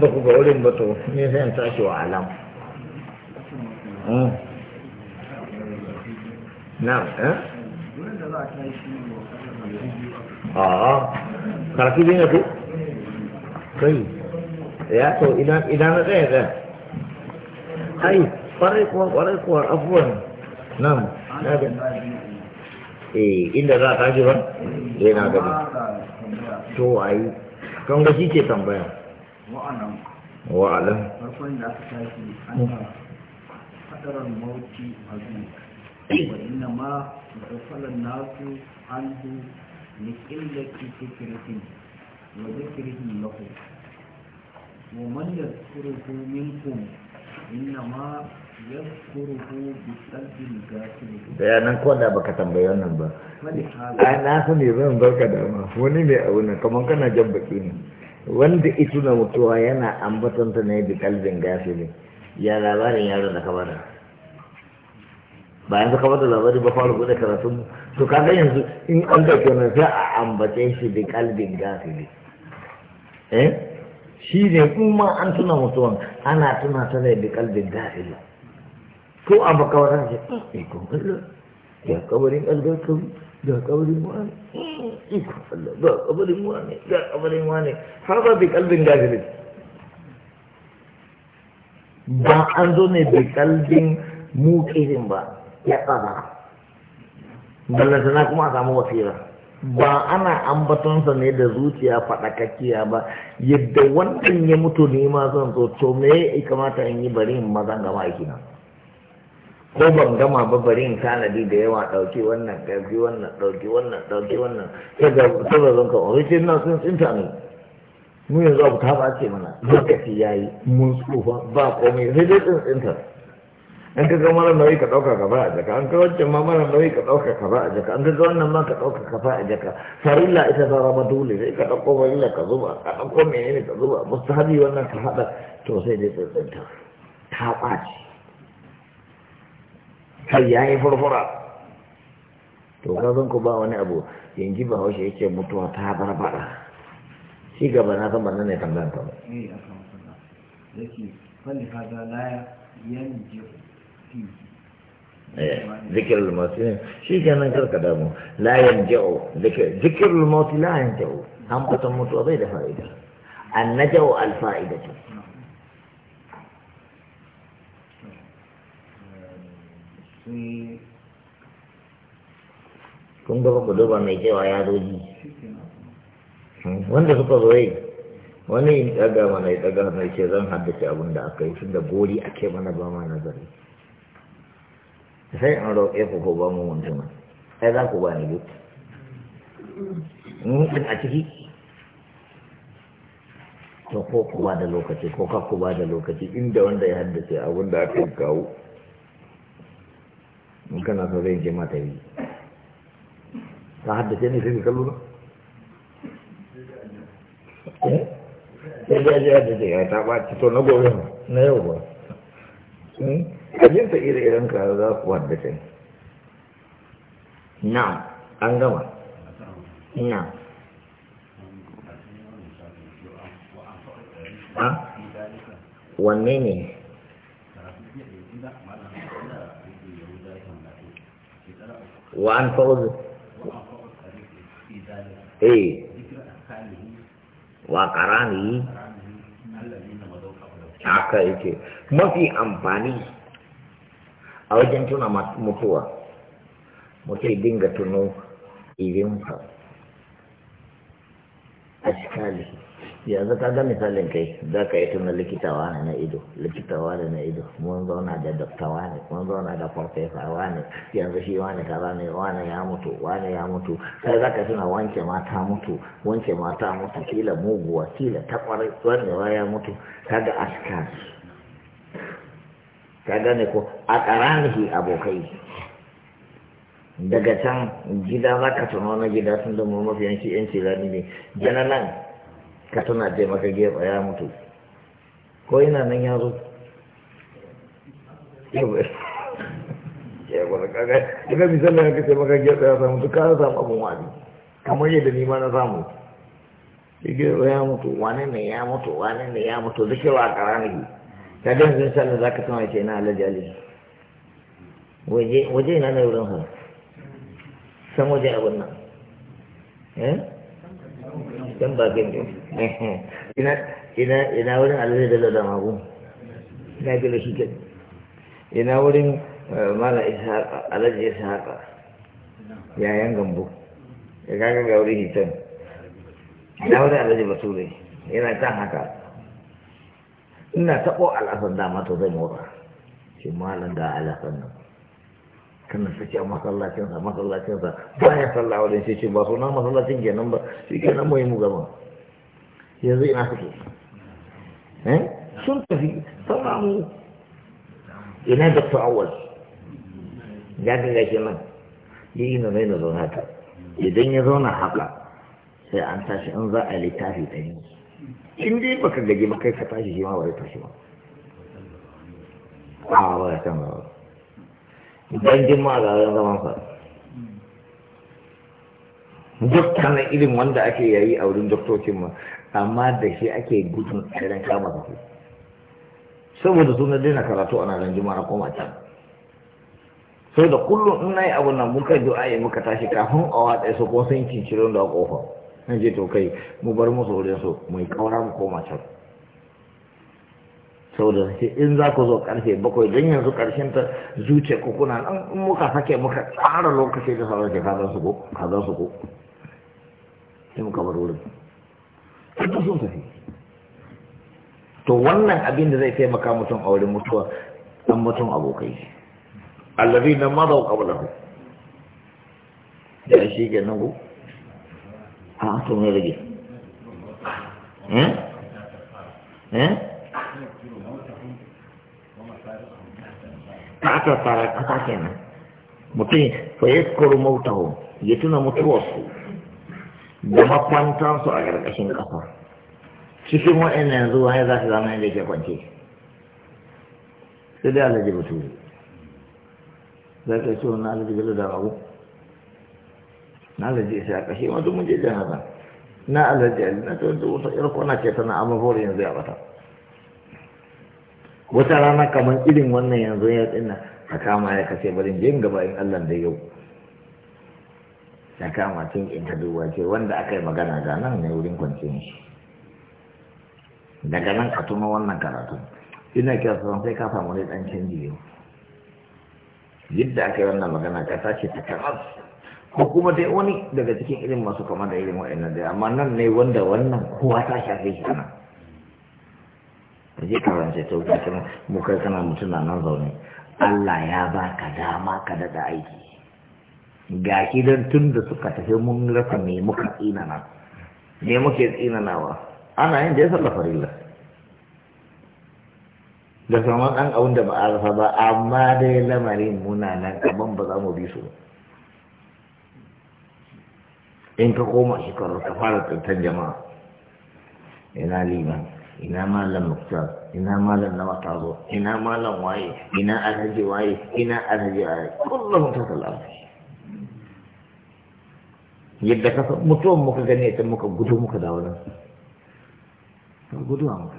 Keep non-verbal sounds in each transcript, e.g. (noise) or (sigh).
ba ku ga wurin ba to ne sai tashi wa alam hmm. eh? na eh a karfi ne ku kai ya to idan idan na tsaya da ai kwarai kuwa kwarai kuwa abubuwan nan na ga eh inda za a ji ba eh na gani to ai kan ga shi ke tambaya wa'alam wa'alam farkon da aka tashi an hadarar mauti azumi wa inna ma da falan nasu an hu liƙillaki fikirfin wa zikirhin lahu ومن يذكره منكم إنما يذكره بسلب الكافر bayanan ko da baka tambayi wannan ba a na su ne zan barka dama, wani ne abu ne kamar kana jan baki ne wanda ita na mutuwa yana ambatanta ne da kalbin gafili ya labarin yaro da kabada ba suka ka bada labari ba fara bude karatun to kaga yanzu in an da wannan sai a ambace shi da kalbin gafili eh shi ne kuma an tuna mutuwan ana tuna ta ne da kalbin gafili ko a baka wata ce eh ko kallo ya kabarin algarkawi da kabarin wani iko wane ga wane har ba bi kalbin gafilin ba an zo ne bi kalbin mukirin ba ya tsada ballantana kuma a samu wasira ba ana ambatonsa ne da zuciya faɗakakkiya ba yadda wannan ya mutu ne ma zan so to me ya kamata in yi bari in mazan gama aiki na ko ban gama ba bari in tanadi da yawa ɗauki wannan ɗauki wannan ɗauki wannan ɗauki wannan sai ga sabazon ka oricin na sun tsinta ne mu yanzu abu ta ba ce mana lokaci ya yi mun tsufa ba komai sai dai tsinta an ka ga mara nauyi ka ɗauka ka ba a jaka an ka wancan ma mara nauyi ka ɗauka ka ba a jaka an ka ga wannan ma ka ɗauka ka ba a jaka farilla ita ta rama dole sai ka ɗauko farilla ka zuba ka ɗauko menene ka zuba mustahabi wannan ka haɗa to sai dai tsintsinta ta ɓaci har ya yi furfura to gazon ku ba wani abu yanzu ba haushe yake mutuwa ta barbara shi gaba na zama nan ne tambayar ta ba eh, eh, zikir al-mauti shi ke nan karka damu layan jau zikir al-mauti layan jau an fata mutuwa bai da fa'ida an na jawo al-fa'ida kun gaba ku duba mai cewa ya zoji hmm, wanda suka zo yi wani in tsaga mana ya tsaga mai ce zan haddace abin da aka yi tunda gori ake mana ba ma nazari sai an roƙe ku ko ba mu mutum sai za ku ba ni duk hmm, in a ciki to ko ku ba da lokaci ko ka ku ba da lokaci inda wanda ya haddace abin da aka yi kawo in kana so zai je mata ta haddace ne na eh? sai ya je haddace ya ta ba ci to na na yau ba hmm? ajinta ire-iren ka za na an gama na wanne وعن فوز ايه وقرانه haka yake mafi amfani a wajen tuna mutuwa mutum dinga tuno irinsa a shikali yanzu ka ga misalin kai za ka yi tunan likitawa ne na ido likitawa ne na ido mun zauna da doktawa ne mun zauna da farfesa wane yanzu shi wane kaza ne wane ya mutu wane ya mutu sai za ka tuna wanke mata mutu wanke mata mutu kila muguwa kila takwarai kwarai wa ya mutu ga askari, ka gane ko a karanihi abokai daga can gida za ka tuno na gida sun da mu mafi yanki yanci rani ne jana nan ka tana je maka gefe ya mutu ko yana nan ya zo daga misalin ya kace maka gefe ya samu duka na samu abin wani kamar yadda ni ma na samu gefe ya mutu wani ne ya mutu wani ne ya mutu duk yawa a karani ka gan zai misalin za ka sama ce na alaji waje na na wurin ha san waje abin nan eh? can bakin jin (laughs) ina ina ina wurin alhaji da da magu na gila shi ke ina wurin eh, mala ishaqa alhaji ishaqa yayan gambo ya kaga ga wurin hitan ina wurin ba bature ina kan haka ina taɓo al'asar dama to zai mora shi malam da al'asar nan kana sake a masallacinsa masallacinsa ba ya sallah a wajen shi ba suna masallacin kenan ba shi kenan mu yi mu gaba yanzu ina suke eh? sun tafi saura mu ina dr awal ya ga gashi nan ya yi nanai na zauna ta idan ya zauna haka sai an tashi an za a littafi yi in dai baka gaji ba kai ka tashi shi ma ba ya tashi ba a ba ya san ba idan jima ga zan zaman sa na irin wanda ake yayi a wurin doktocin ma amma da shi ake gudun tsirin kama da su saboda suna daina karatu ana ran jima na koma can sau da kullum in na yi abu nan muka yi muka tashi kafin a watsa su ko sun cinciro da kofa na je to kai mu bar musu wurin su mu yi kaura mu koma can saboda sai in za ku zo karfe bakwai don yanzu karshen ta zuce ku kuna nan muka sake muka tsara lokaci da sauran ka zan su ko ka za su ko sai muka bar wurin duk sun tafi to wannan abin da zai taimaka mutum a wurin mutuwa dan mutum abokai allabi na mazau ku da shi ke ku a to me rage eh eh ta aka fara kasa kenan mutum fa yaskuru mautahu ya tuna mutuwarsu da makwantansu a ƙarƙashin ƙasa cikin waɗanda yanzu wani za su zama yadda ke kwance sai dai alaji batu za ka ce wani alaji galo da rabu na alaji isa a ƙashe wani mun je jana na alaji alaji na ta wata irkona ce tana amma yanzu ya bata wata rana kamar irin wannan yanzu ya tsina ka kama ya kashe barin jin gaba in Allah da yau ya kama tun in ta duba ce wanda aka yi magana da nan ne wurin kwanci shi daga nan ka tuno wannan karatu ina kira sauran sai ka samu ne dan canji yau yadda aka yi wannan magana ka tashi ta karas ko kuma dai wani daga cikin irin masu kama da irin wa'annan dai amma nan ne wanda wannan kowa ta shafe shi nan zai karance ta wuce kuma mu kai kana mutum na nan zaune Allah ya ba ka dama ka daɗa aiki ga don tun da suka tafi mun rasa me muka na me muke wa? ana yin da ya sallafa farilla da sama ɗan abun da ba a rasa ba amma dai lamarin muna nan kaman ba za mu bi su in ka koma shekarar ka fara tsantan jama'a ina liman ina malam muktar ina malam na matazo ina malam waye ina alhaji waye ina alhaji waye kullum ta salama yadda ka mutum muka gane ta muka gudu muka dawo nan ka gudu a muka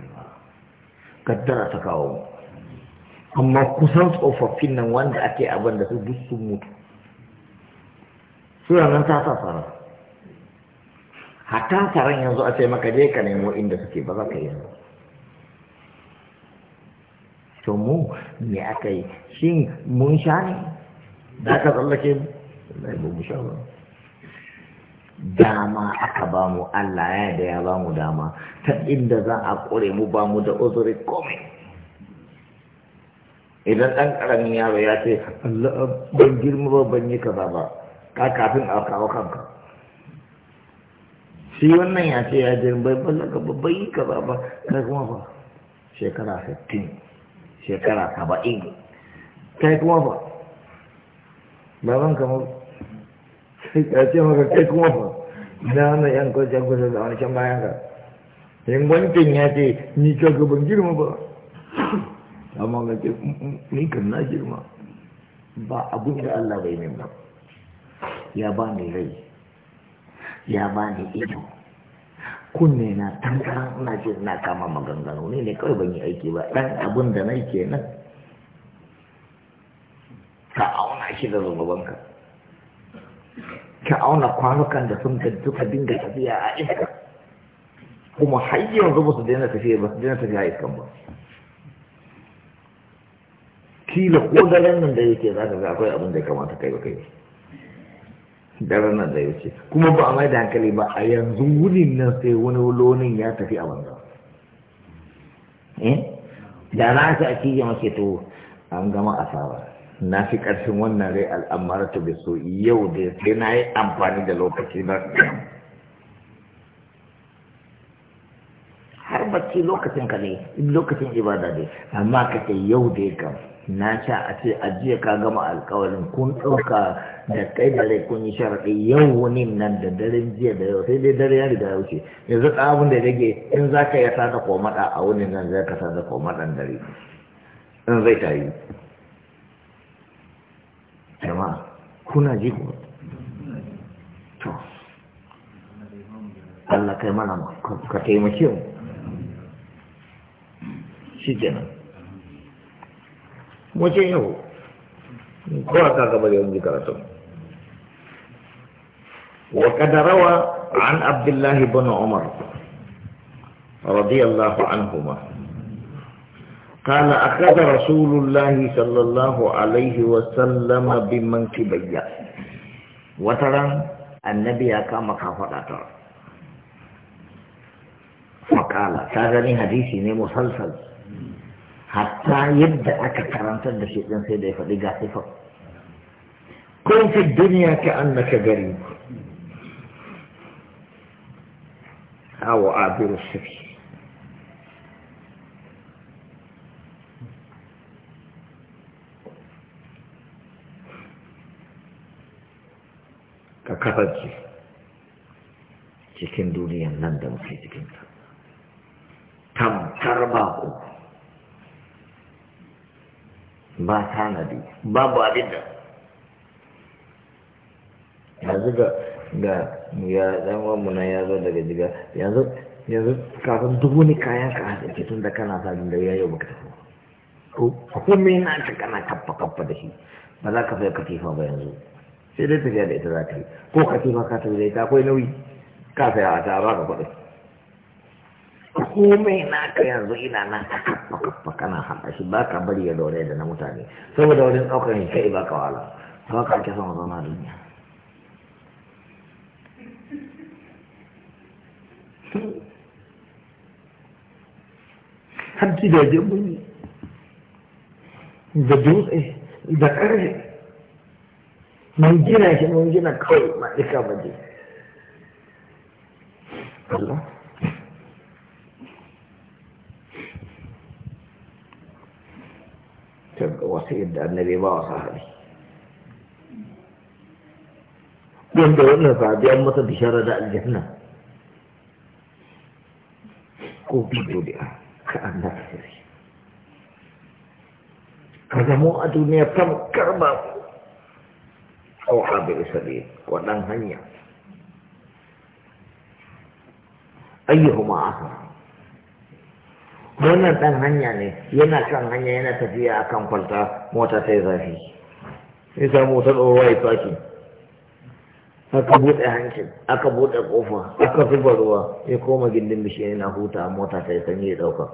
kaddara ta kawo amma kusan tsofaffin nan wanda ake abin da su duk sun mutu suna nan ta sa fara hatta taron yanzu a ce maka je ka nemo inda suke ba za ka yi ba to mu me aka yi shin mun sha ne da aka tsallake mu lai mu sha ba dama aka ba mu Allah ya da ya ba mu dama ta inda za a kore mu ba mu da uzuri komai idan ɗan ƙaramin yaro ya ce Allah ban girma ba ban yi kaza ba ka kafin a kawo kanka shi wannan ya ce ya jirin, bai ballaka ba bai yi kaza ba kai kuma fa shekara 60 shekara saba'in kai kuma ba baban kamar ya ce maka kai kuma ba na wani yan kwanci yan kusa da wani can bayan ka yin wancan ya ce ni ka gaban girma ba amma ga ce mm, mm, ni kan na girma ba abin da Allah bai min ba ya ba ni rai ya ba ni ido kunne na tankara na ce na kama maganganu ne ne kawai ban yi aiki ba ɗan abin da na ke nan ka auna shi da zubabanka ka auna kwanukan da sun duka dinga tafiya a iska kuma har yanzu ba su daina tafiya ba su daina tafiya a iskan ba kila ko da nan da yake za ka ga akwai abin da ya kamata kai ba kai daren nan da ya kuma ba a mai da hankali ba a yanzu wurin nan sai wani lonin ya tafi a banza eh? da na shi a cikin mace to an gama asara na fi ƙarfin wannan rai al'amara ta bai so yau da sai na yi amfani da lokaci na har bacci lokacin ka lokacin ibada ne amma ka ce yau da ya gama na sha a ce jiya ka gama alkawarin kun ɗauka da kai da rai kun yi sharaɗi yau wani nan da daren jiya da yau sai dai dare ya riga wuce yanzu ka abin da rage in za ka ya sada komaɗa a wani nan za ka sada komaɗan dare in zai yi jama'a kuna ji ku to Allah kai mana ka taimake mu shi kenan mu ce yau ko aka gaba da yanzu karatu wa kadarawa an abdullahi bin umar radiyallahu anhuma قال أخذ رسول الله صلى الله عليه وسلم بمنكبي وترى النبي كما كفرته فقال هذا حديثي مسلسل حتى يبدأ كلام تدشي إذن سيدة فلقى صفر كن في الدنيا كأنك قريب أو عابر السفير ككفجي تكن دنيا نندم في تكن تم تربا أبو ba tanadi babu abinda yanzu ga ga ya zama mu na ya zo daga jiga yanzu yanzu kafin duk wani kayan ka a ke tun da kana sa da ya yau baka tafi ko me na ta kana kappa kappa da shi ba za ka sai katifa ba yanzu sai dai tafiya da ita za ta yi ko katifa ka ta da ita akwai nauyi ka saya a ta ba ka kuɗi me na ka yanzu ina na ta kana haɗa shi ba ka bari ya dore da na mutane saboda wurin ɗaukar shi kai ba ka wala ba ka ake son zauna duniya har gidaje muni da dutse da ƙarfe mun gina shi mun gina kawai ma ɗika baje Allah wasiyar da annabi ba wa sahabi wanda wannan sahabi an masa bishara da aljanna ko bi duniya ka annabi sirri ka zamo a duniya tamkar ba au habi isali wannan hanya ayyuhuma asara wannan ɗan hanya ne yana kan hanya yana tafiya a kan kwalta mota sai zafi sai samu tsohuwa ya faki aka buɗe hancin aka buɗe ƙofa aka zuba ruwa ya koma gindin bishiyar yana huta mota sai sanyi ya ɗauka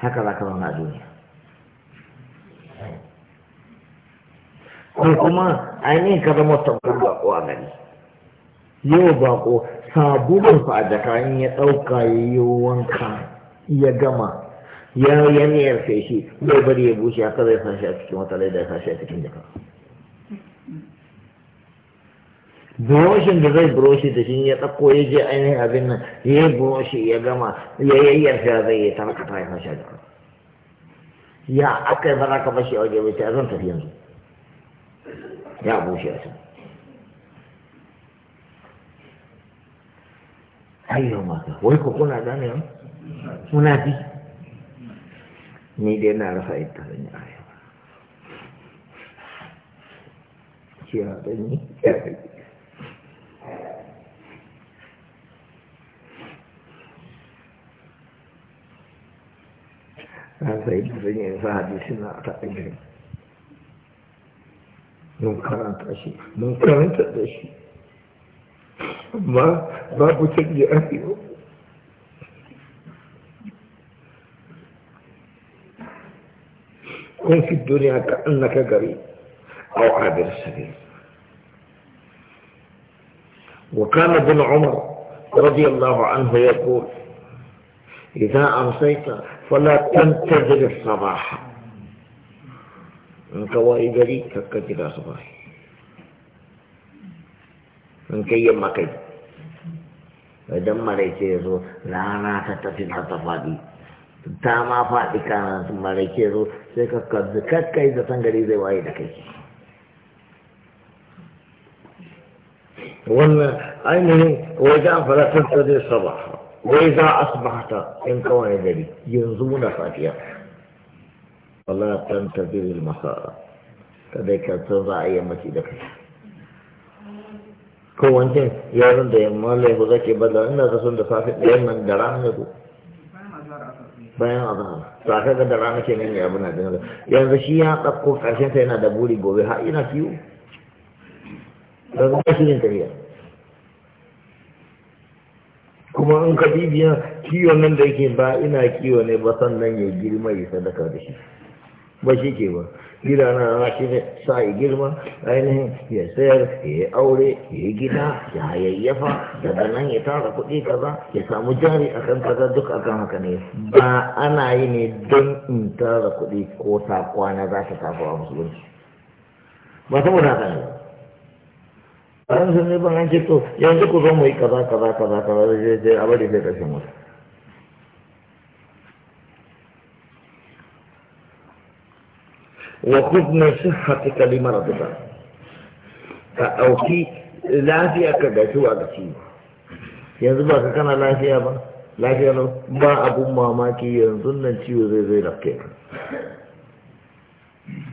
haka za ka zama a duniya ko kuma ainihin ka zama tamkar baƙo a gari yau baƙo sabulun fa a jaka in ya ɗauka ya yi wanka ya gama ya yanayar shi bai bari ya bushe haka zai sashi a cikin wata laida ya sashi a cikin jaka buroshin da zai buroshi da shi ya tsakko ya je ainihin abin nan ya yi buroshi ya gama ya yayyarsa zai yi ta ya sashi a jaka ya aka yi ba za ka bashi a waje bai sai zan tafi yanzu ya bushe a can ayyo mata wai ko kuna gane Munafi? ni dai na rasa ita zan yi aya cewa zan yi sai ita zan yi sa hadisi na ta ɗaya mun karanta shi mun karanta da shi amma babu ce a yau كن في الدنيا كأنك قريب أو عابر السبيل وكان ابن عمر رضي الله عنه يقول إذا أمسيت فلا تنتظر الصباح من كوائد لي إلى صباح من كي مكي ودم ليس يزور لا أنا تتفين حتى فادي تاما فادي كان ثم ليس sai ka kaddu kakkai da san gari zai waye da kai wannan ainihin wai za a faratar ta zai saba wai za a asibata in kawai gari yanzu muna safiya Allah tan tafirin masara ta dai kansan za a yi mace da kai ko wancan yaron da yamma lai ba zake bada ina da son da safe ɗayan nan da ranar ku bayan azhar to aka ga da rana kenan ya abu na jin yanzu shi ya ɗauko ƙarshen ta yana da buri gobe ha ina fiyo don ba shi yin tafiya kuma in ka bibiya kiyo nan da yake ba ina kiwo ne ba sannan ya girma ya sadaka da shi ba shi ke ba gida na shi ne sa yi girma ainihin ya sayar ya yi aure ya yi gida ya hayayyafa daga nan ya tara kuɗi kaza ya samu jari a kan kaza duk a kan haka ne ba ana yi ne don in tara kuɗi ko ta kwana za ta tafi a musulunci ba ta haka ne ba sun ne ban an ce to yanzu ku zo mu yi kaza kaza kaza kaza zai je a sai ƙarshen wata wa khudh min sihhatika li maradika ka ɗauki lafiya ka ga zuwa ga yanzu ba ka kana lafiya ba lafiya lau ba abun mamaki yanzu nan ciwo zai zai lafke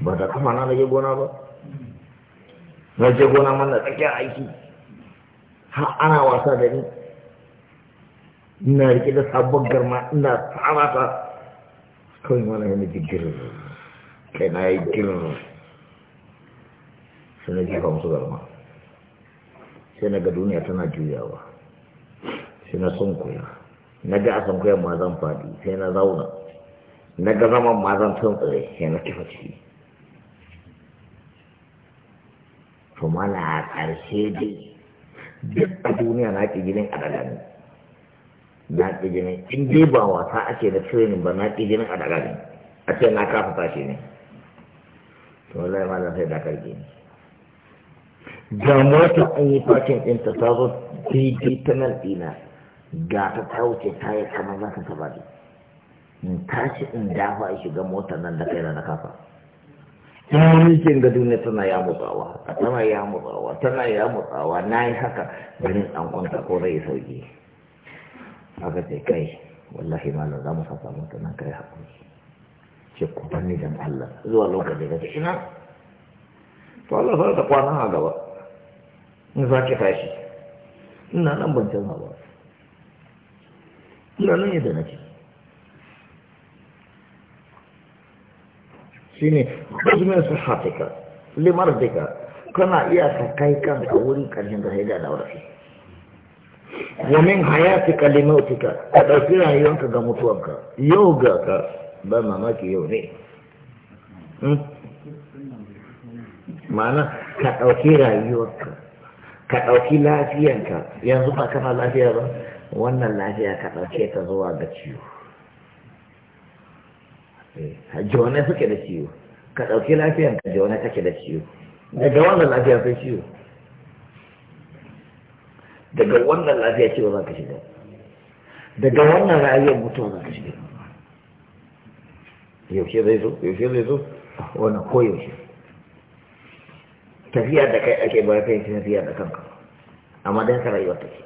ba da kama na nage gona ba na je gona mana tsakiyar aiki har ana wasa da ni ina rike da sabon garma ina tsara ta kawai mana yana jirgin kai na yi jin su na jifa musu garma sai na ga duniya tana juyawa sai na son kuya na ga a son kuya ma zan faɗi sai na zauna na ga zaman ma zan son tsare sai na kifa ciki to mana a ƙarshe dai duk a duniya na ƙi ginin a adalani na ƙi ginin in dai ba wasa ake da training ba na ƙi ginin a adalani a ce na kafa tashi ne wallahi ma sai da karge ga mota an yi fakin ɗin ta ta zo ta nan ɗina ga ta ta wuce ta yi kamar zaka ta taba in tashi in dafa a shiga motar nan da kaina na kafa in mulkin ga duniya tana ya mutsawa tana ya mutsawa tana ya mutsawa na yi haka ganin an kwanta ko rai sauki aka ce kai wallahi malam za mu saka mota nan kai hakuri ce ku ni dan Allah zuwa lokacin da ina to Allah sai ta kwana a gaba in za ki tashi ina nan ban canza ba ina nan yadda nake shine kuzumin sahatika limar dika kana iya ka kai kan kanka wurin karshen da sai da daurafi wa min hayatika limautika ka dauki rayuwanka ga mutuwanka yau ga ka ba mamaki yau ne hmm? ma'ana ka ɗauki rayuwarka ka ɗauki lafiyanka yanzu ba kana lafiya ba wannan lafiya ka ɗauke ta zuwa ga ciwo eh, jone suke da ciwo ka ɗauki lafiyanka jone kake da ciwo daga wannan lafiya sai ciwo daga wannan lafiya ciwo za ka shiga daga wannan rayuwar mutuwa za ka shiga yaushe zai zo yaushe zai zo wannan ko yaushe tafiya da kai ake ba kai tafiya da kanka amma dan ka rayuwar take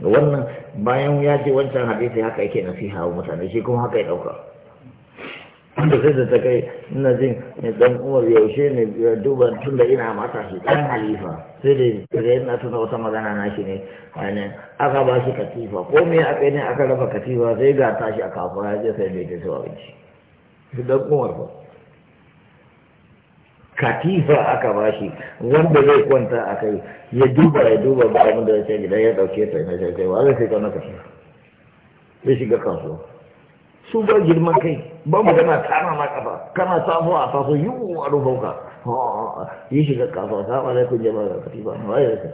wannan bayan ya ce wancan hadisi haka yake nasiha wa mutane shi kuma haka ya dauka wanda sai da ta kai ina jin ne dan umar yaushe ne duba tun da ina mata shi dan halifa sai da sai ina tuna wata magana na shi ne ainihin aka ba shi katifa ko me kai ne aka raba katifa sai ga tashi a kafa ya je sai bai ta zuwa abinci shi dan umar ba katifa aka ba shi wanda zai kwanta a kai ya duba ya duba ba abin da ya ce gidan ya dauke ta ina sai sai wa zai sai na katifa sai shiga kasuwa su ba girman kai ba mu kana kama ma kafa kana safo a safo yi wa rufon ka yi shiga kafa sa ba zai kun ba ga katifa ba ya rasa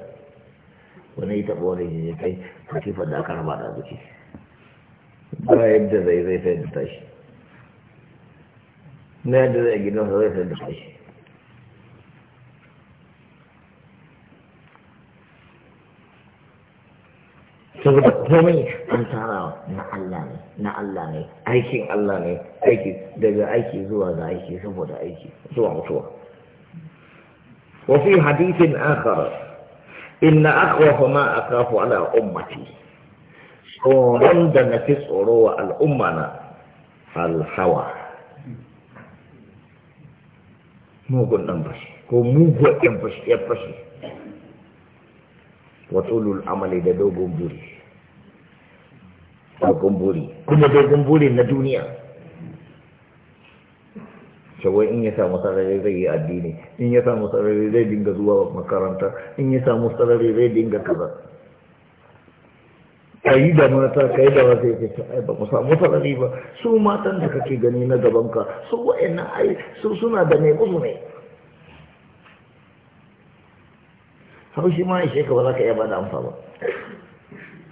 wani ita taɓa wani ya kai katifa da aka da zuci ba yadda zai zai sai da tashi na yadda zai gidan zai sai da tashi saboda komai an tara na Allah ne na Allah ne aikin Allah ne aiki daga aiki zuwa ga aiki saboda aiki zuwa mutuwa وفي حديث آخر إن أخوف ما أخاف على أمتي tsoron da na fi tsoro wa al'umma na alhawa mugun ɗan fashi ko fashi fashi wa tulul amali da dogon buri dogon buri kuma dogon buri na duniya shawai in ya samu sarari zai yi addini in ya samu sarari zai dinga zuwa makaranta in ya samu sarari zai dinga kaza ka yi da mata ka yi da wasu ya ce ai ba ku samu sarari ba su matan da kake gani na gabanka su wa'annan ai su suna da ne musu ne haushi ma ishe ka ba za ka iya bada amsa ba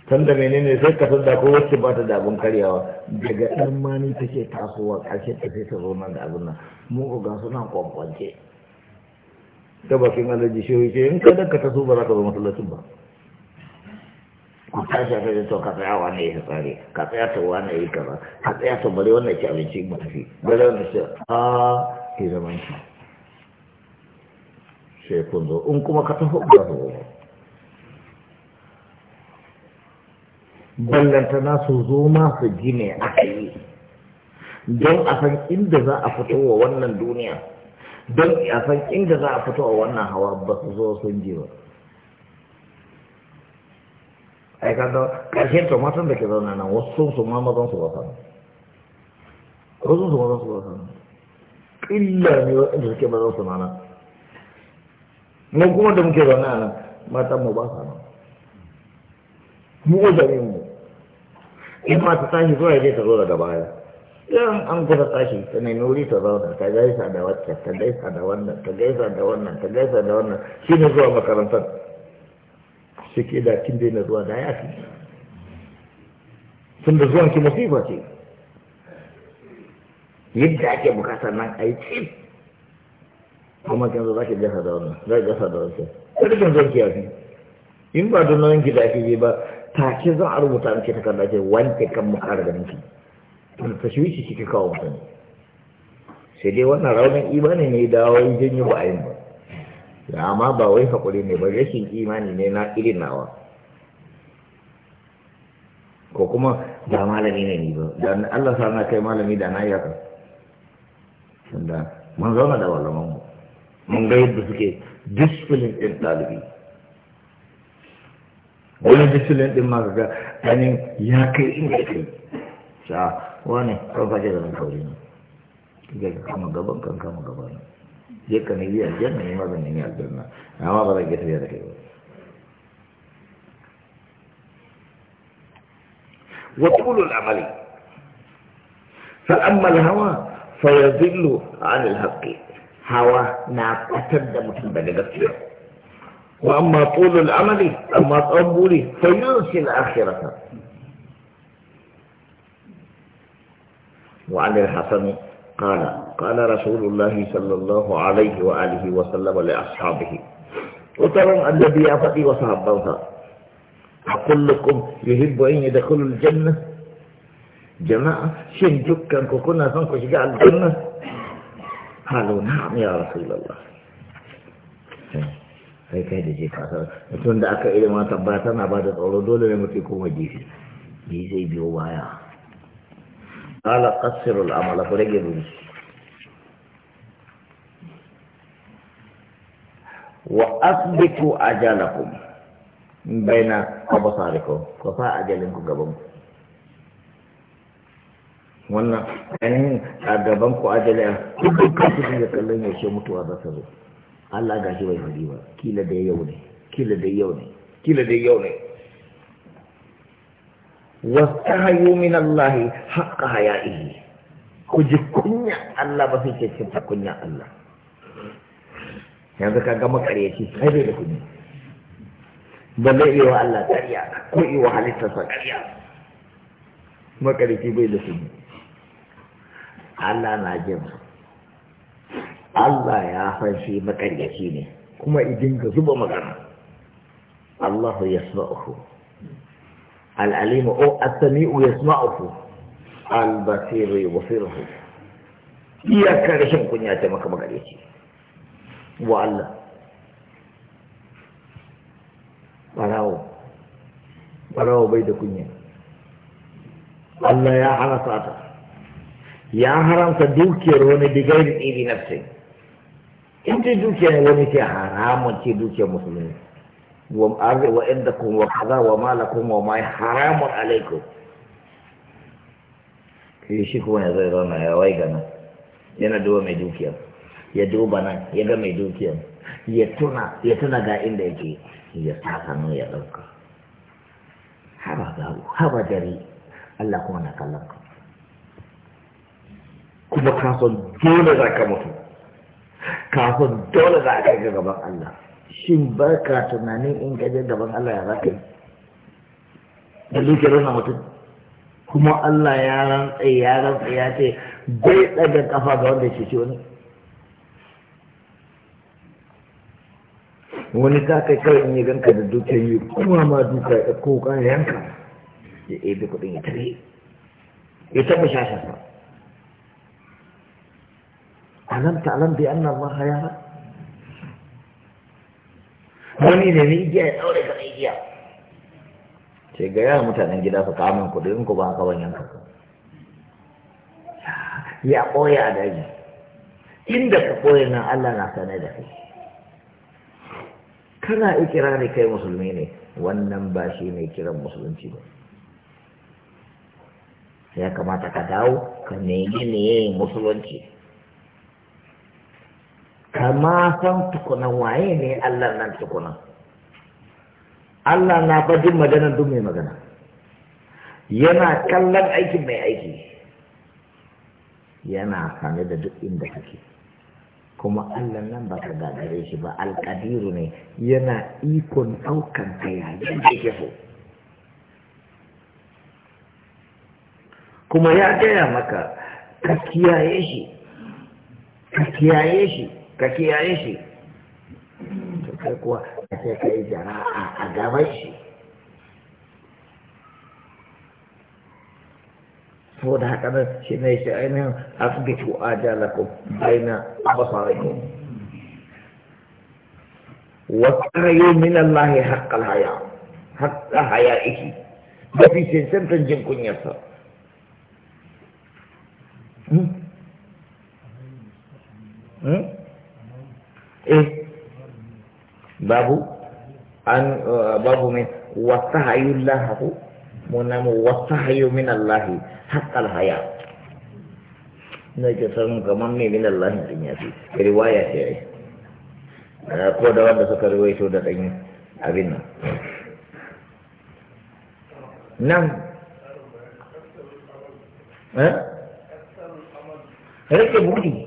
tun da menene sai ka tunda ko wacce ba ta da abin karyawa daga ɗan mani ke tasowa ƙarshe ta sai ta zo nan da abin nan mu ga suna kwankwance ta bakin alaji shi ce in ka danka taso ba za ka zo masallacin ba ku tashi a ta to ka tsaya wani ya tsare ka tsaya ta wani ya yi kaza ka tsaya ta bari wannan ci abinci ta fi bari wannan ci a ah, ke zaman ki sai kun zo in kuma ka taho ba su zo ballanta na su zo ma su gine a yi don a san inda za a fito wa wannan duniya don a san inda za a fito wa wannan hawa ba su zo sun ji ba ai ka da ƙarshen tomatan da ke zauna nan wasu su ma mazan su ba san wasu su mazan su ba san ƙilla ne waɗanda suke mazan su ma nan mun kuma da muke zaune a nan matan mu ba sa nan mu ujami mu in ma ta tashi zuwa ya ta zo daga baya yan an kusa tashi ta nemi wuri ta zauna ta gaisa da wacce ta gaisa da wannan ta gaisa da wannan ta gaisa da wannan shi ne zuwa makarantar shi ke da kin daina zuwa da ya fi Sun da zuwan ki musifa ce yadda ake bukatar nan a yi tsif kuma kin zo za ki gasa da wannan za ki gasa da wannan sai kin zo ki yafi in ba don nan ki da ki ba ta ki zan a rubuta miki takarda ke wanke kan mu da ganin ki ta shi shi kike kawo mutane sai dai wannan raunin imani ne dawo in janyo ba ayin ba. ba amma ba wai hakuri ne ba rashin imani ne na irin nawa ko kuma da malami ne ni ba dan Allah sa na kai malami da na yaka sanda mun zauna da malaman من غير بفكي ديسبلين ان طالبي ولا ديسبلين ان يعني ياكي ان ياكي سا واني روبا جدا من فورينا جاكي كما قبان كان كما قبان جاكي نيجي الجنة يما بني نيجي الجنة اما بلا جتري هذا كيبا وطول العمل فأما الهوى فيضل عن الحق هوا نا قتل دمتن بلغتيا وأما طول العمل أما طبولي فينسي الآخرة وعن الحسن قال قال رسول الله صلى الله عليه وآله وسلم لأصحابه وترون النبي أفقي وصحبه أقول لكم يحب أن يدخل الجنة جماعة شين جكا كوكونا فانكو شجاع الجنة قالوا نعم يا رسول الله sai kai da je kasar mutum da aka ilima tabbata tana ba da tsoro dole ne mutum kuma gefe ne zai biyo baya ala kasirul amala ko rage buri wa asbiku ajalakum baina abasarikum ku fa ajalinku gabanku wannan ainihin a gaban ku ajali a kullum kansu shi da kallon yaushe mutuwa za ta zo Allah shi bai hari ba kila da yau ne kila da yau ne kila da yau ne wastahayu min Allah haqqa haya'ihi ku ji kunya Allah ba sai ce ta kunya Allah yanzu ka ga makaryaci bai da kunya ba zai iya wa Allah karya ko iya wa halittarsa ƙarya makaryaci bai da kunya Allah na jin Allah ya san shi makaryaci ne kuma idin ka zuba magana Allahu yasma'uhu al Al'alima o oh, as-sami'u yasma'uhu al-basiru yubsiruhu iya karshen kunya ta maka makaryaci wa Allah barawo barawo bai da kunya Allah ya hana sata ya haramta dukiyar wani bigai da iri nafsi in ce dukiyar wani ce haramun ce dukiyar musulmi wa arzi wa inda kun wa kaza wa malakun wa mai haramun alaikum kai shi kuma ya zai zauna ya wai gana yana duba mai dukiyar ya duba nan ya ga mai dukiyar ya tuna ya tuna ga inda yake ya sa hannu ya ɗauka haba gabu haba dare Allah kuma na kallon ka kuma kasan dole za ka mutu kasan dole za ka ga gaban Allah shin ba ka tunanin in gaje gaban Allah ya za yi da duke rana mutum kuma Allah ya rantsa ya rantsa ya ce bai ɗaga kafa ga wanda ke ce wani wani ta kai kawai in yi ganka da dukiyar yi kuma ma duka ya ɗauko kayan yanka ya ebe kuɗin ya tare ya taɓa shashasa alam ta'lam bi anna Allah yara wani ne ne igiya ya daure ka na igiya ce ga yawan mutanen gida su kawo min kuɗi in ku ba haka wani yanka ku ya ɓoye a daji inda ka ɓoye nan Allah na sane da kai kana ikirari kai musulmi ne wannan ba shi ne kiran musulunci ba ya kamata ka dawo ka nemi ne musulunci kama san tukunan waye ne Allah nan tukunan Allah na fadin magana duk mai magana yana kallon aikin mai aiki yana sane da duk inda kake kuma Allah nan ba ka gagare shi ba alƙadiru ne yana ikon ɗaukan ta yayin da ke so kuma ya gaya maka ka kiyaye shi ka kiyaye shi ka kiyaye shi to kai kuwa sai ka yi jara'a a gaban shi saboda haka nan shi ne shi ainihin asibitu ajalakum baina abasarikum وكرهوا من الله حق الحياء حق حيائه بفي سنسن تنجم كن يسا هم؟ هم؟ eh babu an uh, babu min wasahayu lahu munamu wasahayu min Allah haqqal haya na ke san kaman ne min Allah din ya fi riwaya ce eh. ai ko da wanda suka riwayo da dan abin nan nan eh rike budi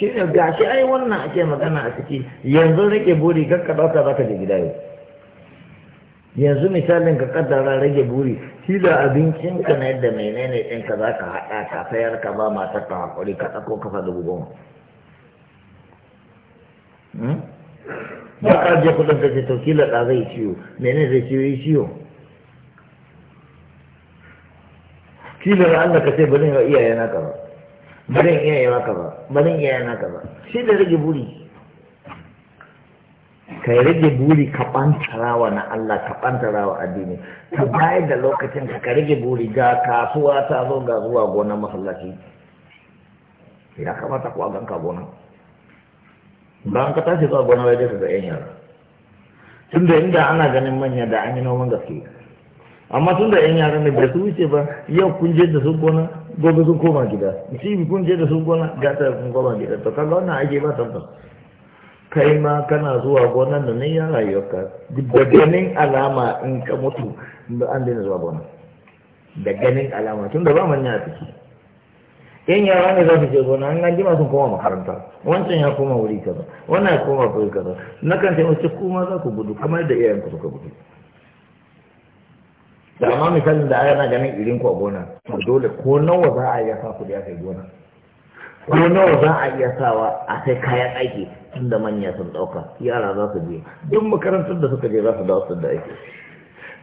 shi ne gashi ai wannan ake magana a ciki yanzu rage buri kan ka ɗauka za ka je gida yau yanzu misalin ka kaddara rage buri kila abincin ka na yadda menene ɗin ka za ka haɗa ka sayar ka ba matar ka haƙuri ka ɗauko kafa dubu goma hmm? ba ka je kuɗin ka ce to kila ɗa zai ciwo menene zai ciwo yi ciwo kila da Allah ka ce ba zai ga iyayena ka ba ba zan iya yi maka ba ba zan iya yi maka ba shi da rage buri ka rage buri ka rawa na Allah ka ɓantarawa addini ka bayar da lokacin ka ka rage buri ga kasuwa ta zo ga zuwa gonar masallaci ya kamata ku a ganka gonar bayan ka tashi zuwa gonar wajen da yan yara tun da inda ana ganin manya da an yi noman gaske amma tun da yan yara ne bai su wuce ba yau kun je da su gonar gobe sun koma gida musibi kun je da sun gona gata sun koma gida to kaga wannan ake ba tabbas kai ma kana zuwa gonan da nan ya rayuwarka da ganin alama in ka mutu an daina zuwa gona da ganin alama tun da ba y'a a ciki yan yara ne za su je gona an an jima sun koma makaranta wancan ya koma wuri kaza wannan ya koma wuri kaza na kan taimaka kuma za ku gudu kamar da ku suka gudu da amma misalin da ana ganin irin ku a gona dole ko nawa za a iya sa kuɗi a kai gona ko nawa za a iya sawa a kai kayan aiki tun da manya sun ɗauka yara za su je duk makarantar da suka je za su dawo su da aiki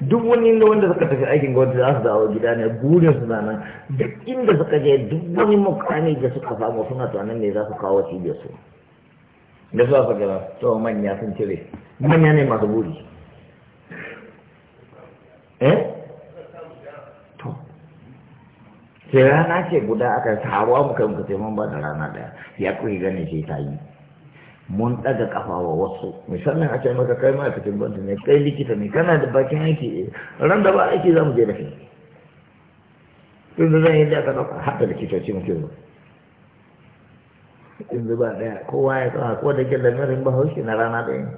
duk wani inda wanda suka tafi aikin gwamnati za su dawo gida ne burin su na nan duk inda suka je duk wani mukami da suka samu suna tunanin me za su kawo cibiyar su da su aka gaba to manya sun cire manya ne masu buri eh sai rana ce guda aka hawa muka muka sai mun ba da rana daya ya kuke gane sai ta yi mun daga kafa wa wasu misalin a ce maka kai fitin bantu ne kai likita ne kana da bakin aiki eh, ran da ba aiki za mu je da shi tun zan yi da aka ɗauka haɗa likitoci muke zo in ba ɗaya kowa ya kawo ko da ke lamarin haushi na rana ɗaya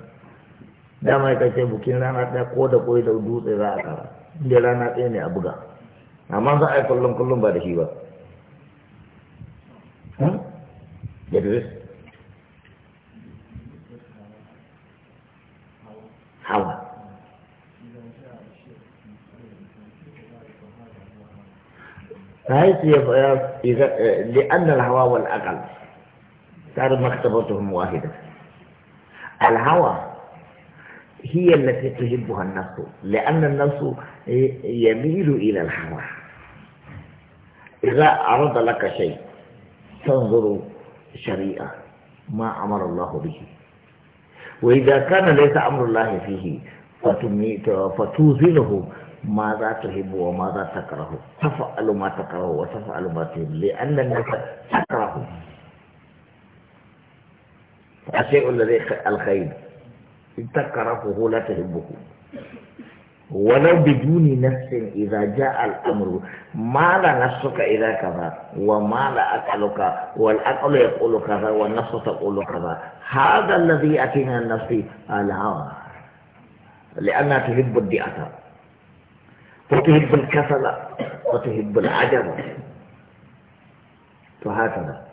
dama ya kace bukin rana daya ko da koyi da dutse za a kara inda rana ɗaya ne a buga kelum-kelum pada siwa? Hmm? Jadi kullum Hawa. da shi ya, Idris hawa فهيس hawa wal-akal. Saru maktabatuhum wahidah. Al-hawa, هي التي تحبها النفس لأن النفس يميل إلى الهوى إذا عرض لك شيء تنظر شريعة ما أمر الله به وإذا كان ليس أمر الله فيه فتوزنه ماذا تحب وماذا تكره تفعل ما تكره وتفعل ما تحب لأن الناس تكره الشيء الذي الخير تكرهه لا تحبه ولو بدون نفس إذا جاء الأمر ما لا نفسك إذا كذا وما لا أكلك والأكل يقول كذا والنفس تقول كذا هذا الذي يأتينا النفس العار آه، لأنها تحب الدئة وتحب الكسل وتحب العجب فهكذا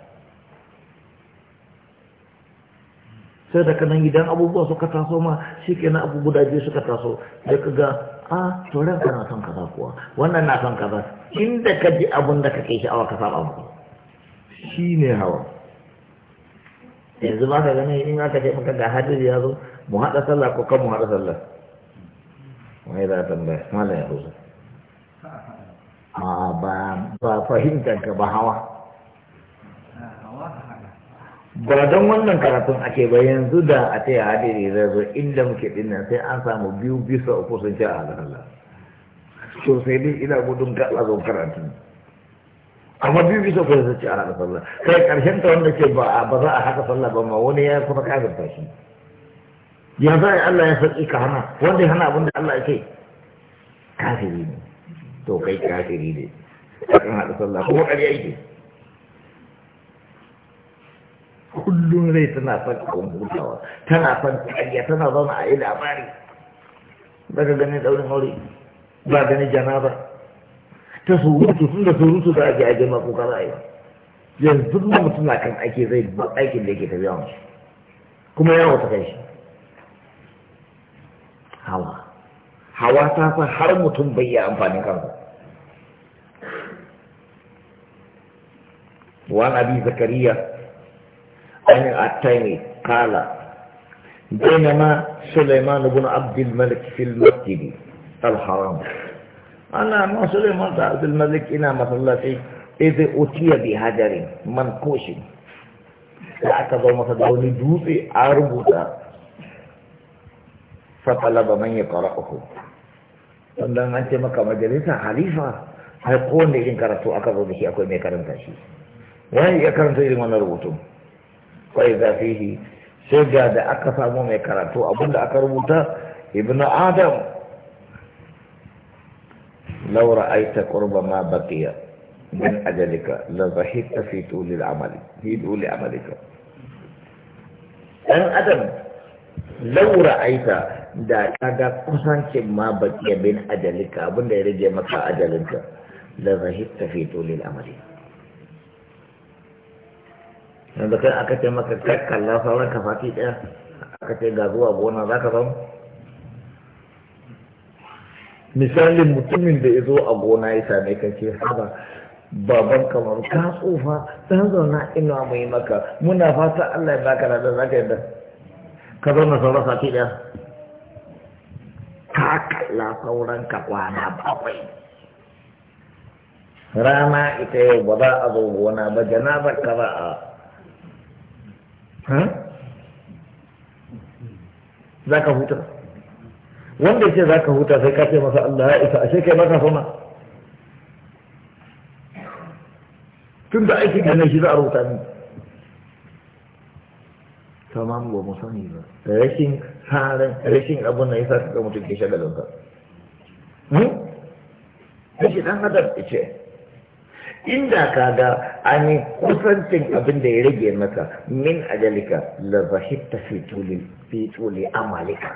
sai da nan idan abubuwa suka taso ma shi kenan abubu da biyu suka taso da ka ga a to ka na son kaza kuwa wannan na son kaza inda ka ji abun da ka shi sha'awa ka saba abu. shi ne hawa yanzu ba ka gani in ka ce maka ga hadir ya zo mu haɗa sallah ko kan mu haɗa sallah wani za ta tambaya malam ya (laughs) ba ba fahimtar ka ba hawa ba don wannan karatun ake ba yanzu da a ta yi hadiri da zo inda muke dinnan sai an samu biyu bisa uku sun ce a Allah to sai dai ina gudun ka zo karatu amma biyu bisa uku sun ce a Allah kai karshen ta wanda ke ba ba za a haka sallah ba ma wani ya kuma kafin shi ya za a Allah ya sauki ka hana wanda ya hana abin da Allah ya ce kafiri ne to kai kafiri ne kan haɗa sallah kuma ƙarya yake kullum rai tana son abin hutawa tana son kariya tana zauna a yi labari daga ganin daurin aure ba ganin ba. ta surutu tun da surutu ji ake aje ma kuka yi yanzu duk mutum na kan aiki zai aikin da yake tafiya mashi kuma ya wata kai shi hawa hawa ta san har mutum bai yi amfanin kansa وعن أبي زكريا أهل التيمي قال بينما سليمان بن عبد الملك في المسجد الحرام أنا ما سليمان بن عبد الملك إنا مثلا في إذ أتي بهجر منكوش فأكد مثلا دون دوس أربوتا فطلب من يقرأه تندان أنت مكما جلسة خليفة هل قول لي إن كرتو أكد به أكو إمي كرمتاشي وهي أكرمتاشي من أربوتم wai zafihi sai ga da aka samu mai karatu abinda aka rubuta ibn adam laura aita qurba ma baqiya min ajalika la zahita fi tulil amali fi tulil amalika dan adam laura aita da kaga kusancin ma baqiya min ajalika abinda ya rage maka ajalinka la zahita fi tulil amalika yanzu kai aka ce maka kakkalla sauran ka fati ɗaya aka ce ga zuwa gona za ka zama misali mutumin da ya zo a gona ya same ka ce haba baban kamar ka tsufa dan zauna ina mai maka muna fata Allah ya baka da za ka yadda ka zauna sauran sati ɗaya ka kalla sauran ka kwana bakwai rana ita yau ba za a zo gona ba janabar ka ba a za ka huta wanda ce za ka huta sai ka ce masa Allah ya isa ashe kai maka fama tun da aiki gane shi za a rubuta ne tamam ba mu sani ba rashin tsarin rashin da ya sa ka mutum ke shagalin ka hmm? shi dan adam ce inda ka ga an yi kusancin abin da ya rage maka min ajalika la zahitta fi tuli fi tuli amalika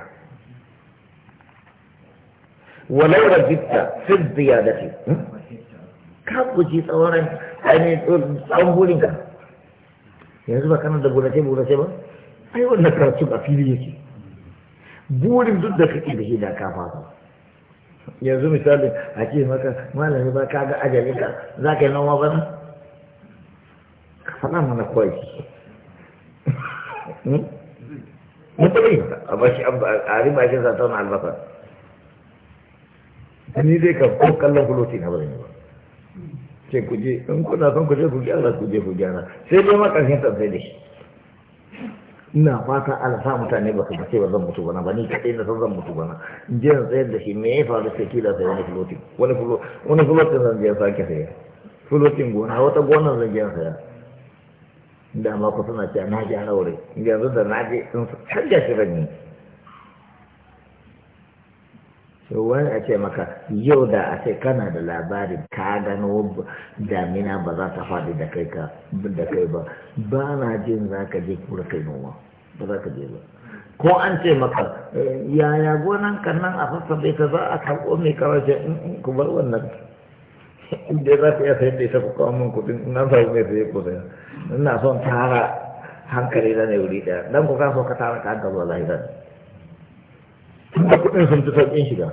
walau rajitta fi ziyadati hmm? ka guji an yi tsawon burinka yanzu ba kana da burace gurace ba ai wannan karatu a fili yake burin duk da kake da shi da ka fasa yanzu misali a ce maka malami ba ka ga ajali ka za ka yi noma ba nan ka faɗa mana kawai hmm? mutum a bashi a riba shi za ta wani albasa ni dai ka ko kallon kuloti na bari ba ce kuje je in kuna son ku je ku kuje ku je ku sai dai ma ƙarshen sai da shi ina fata ala sa mutane ba su ba cewa zan mutu bana ba ni kaɗai na san zan mutu bana in je na tsayar da shi me ya faru sai kila sai wani floating wani fulotin wani fulotin zan je na sake saya fulotin gona wata gonar zan je na saya da ma ku suna cewa na ji an aure yanzu da na ji sun har shi ban yi wani a ce maka yau da a ce kana da labari ka gano damina ba za ta faɗi da kai ka da kai ba ba na jin za ka je kura kai noma ba za ka je ba ko an ce maka yaya gonan kan nan a sassabe ta za a karɓo mai kawai in mm, mm, ku bar wannan inda za ku iya sayar da ita ku kawo min kuɗin in an samu mai saye ko saya ina son tara hankali na ne wuri ɗaya dan ku ka so ka tara ka gaba lahirar tun da kuɗin sun fi sauƙin shiga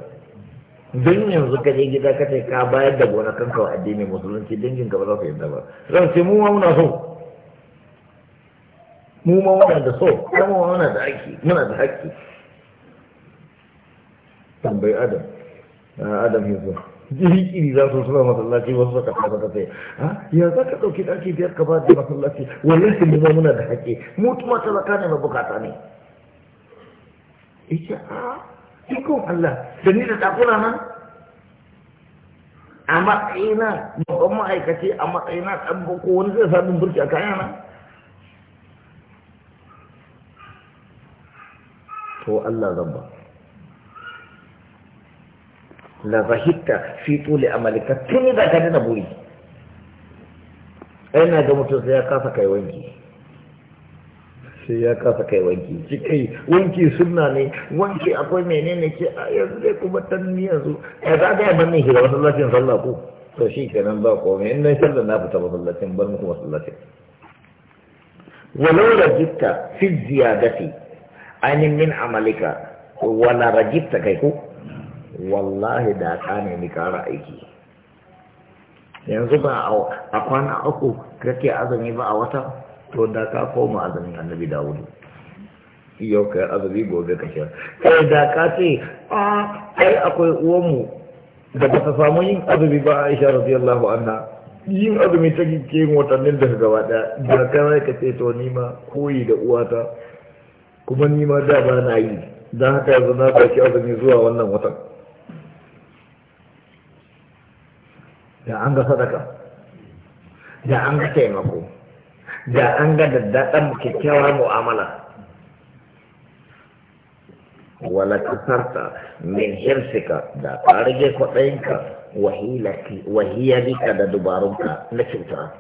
don yanzu ka je gida ka ce ka bayar da kan kawai addini musulunci dangin ka ba za ka yadda ba zan ce mu ma muna so mu ma muna da so kuma muna da haƙƙi muna da haƙƙi tambayi adam ah, adam yanzu jirgin za su suna masallaci wasu suka fara ta sai ah, ya za ka ɗauki ɗaki biyar ka ba da masallaci wallahi mu ma muna da haƙƙi mu kuma talaka ne na bukata ne Ica, a ah, ikon Allah da ni tak pula nan Amat ina. babban ma'aikaci a amat ina. boko wani zai satu burki a kaya na Allah Rabbah. la zahitta fi tuli amalika tuni da ka nak buri ai na mutu saya sai ya kasa kai wanki sai ya kasa kai wanki ki kai wanki sunna ne wanki akwai menene ce a yanzu zai kuma ni yanzu ya za ga ban ne shiga masallacin sallah ko to shi kenan ba me. in nan da na fita masallacin bar kuma masallacin walau rajibta fi ziyadati ainin min amalika wala rajibta kai ko wallahi da ka ne ni kara aiki yanzu ba a kwana uku kake azumi ba a wata to da ka koma azumin annabi dawudu yau ka azumi gobe ka kai eh, da ka ce a ai akwai uwanmu da ba ta samu yin azumi ba aisha radiyallahu anha yin azumi ta gike watannin da gaba daya da ka ka ce to ni ma koyi da uwata kuma ni ma da ba na yi don haka yanzu na ɗauki azumi zuwa wannan watan da an ga sadaka da an ga taimako da an ga daddaɗan kyakkyawar mu'amala wala kasarta min hirsika da ka rage kwaɗayinka wahiyarika da dubarunka na cuta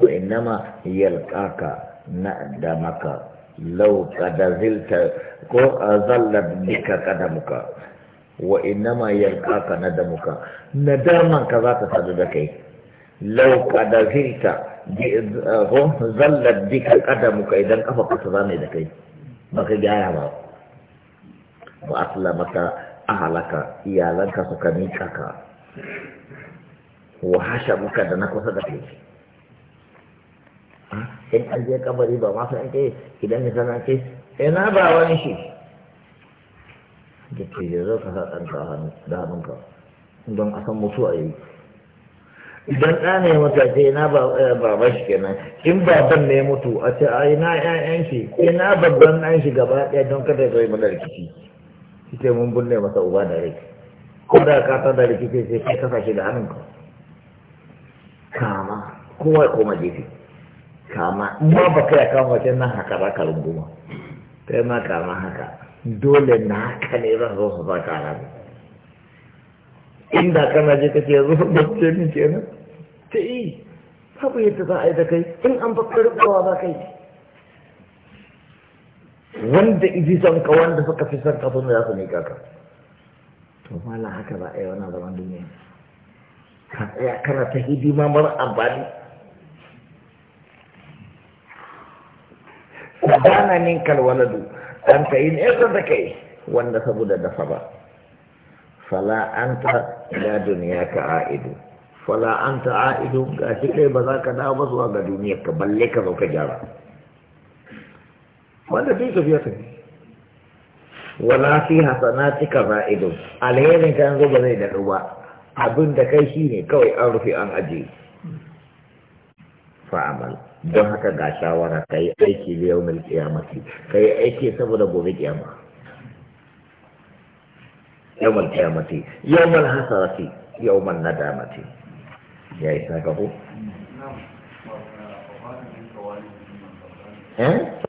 wa innama yalƙaka na da maka lau kada zilta ko zallar bika kadamuka wa innama yalƙaka na damuka nadaman ka za ta sadu da kai lau kada zilta zallar dika ƙadamuka idan kafa kasa zane da kai baka gyara ba ba a halaka iyalanka suka mika ka wa hasha muka da na kusa da kai in an je kabari ba ma san idan ya sana ce ina ba wani shi da ke zo ka sa ɗanka da hannunka don a san mutuwa yi idan ɗa ne mata ce na baba eh, shi kenan in baban ne mutu a ce a ina ƴaƴan shi ina babban ɗan shi gaba ɗaya don kada zai mana rikici shi ce mun binne masa uba da rai ko da ka ta da rikici sai kai kasa shi da ka kama kowa ma jefi kama ma ba kai kama wace nan haka ba ka runguma kai ma kama haka dole na haka ne zan zo su ba ka rabu inda kana je kake yanzu (laughs) bacce min kenan ta yi babu yadda za a yi da kai in an baka rubawa za ka yi wanda iji son ka wanda suka fi son ka sun ya su ne kaka to mala haka za a yi wani zaman duniya ka tsaya kana ta ma mara amfani sabana ninkal waladu an ta yi ne da kai wanda saboda dafa ba fala anta ila dunyaka a'idu fala anta a'idu ga shi kai ba za ka dawo ba zuwa ga duniyar ka balle ka zo ka gyara wanda fi tafiya ta ne wala fi hasanatika za'idu alherin ka yanzu ba zai da ba abin da kai shi ne kawai an rufe an aje fa'amal don haka ga shawara ka yi aiki liyau mil kiyamati ka yi aiki saboda gobe kiyama yawmal qiyamati yawan hasarati yawman nadamati ya yi ka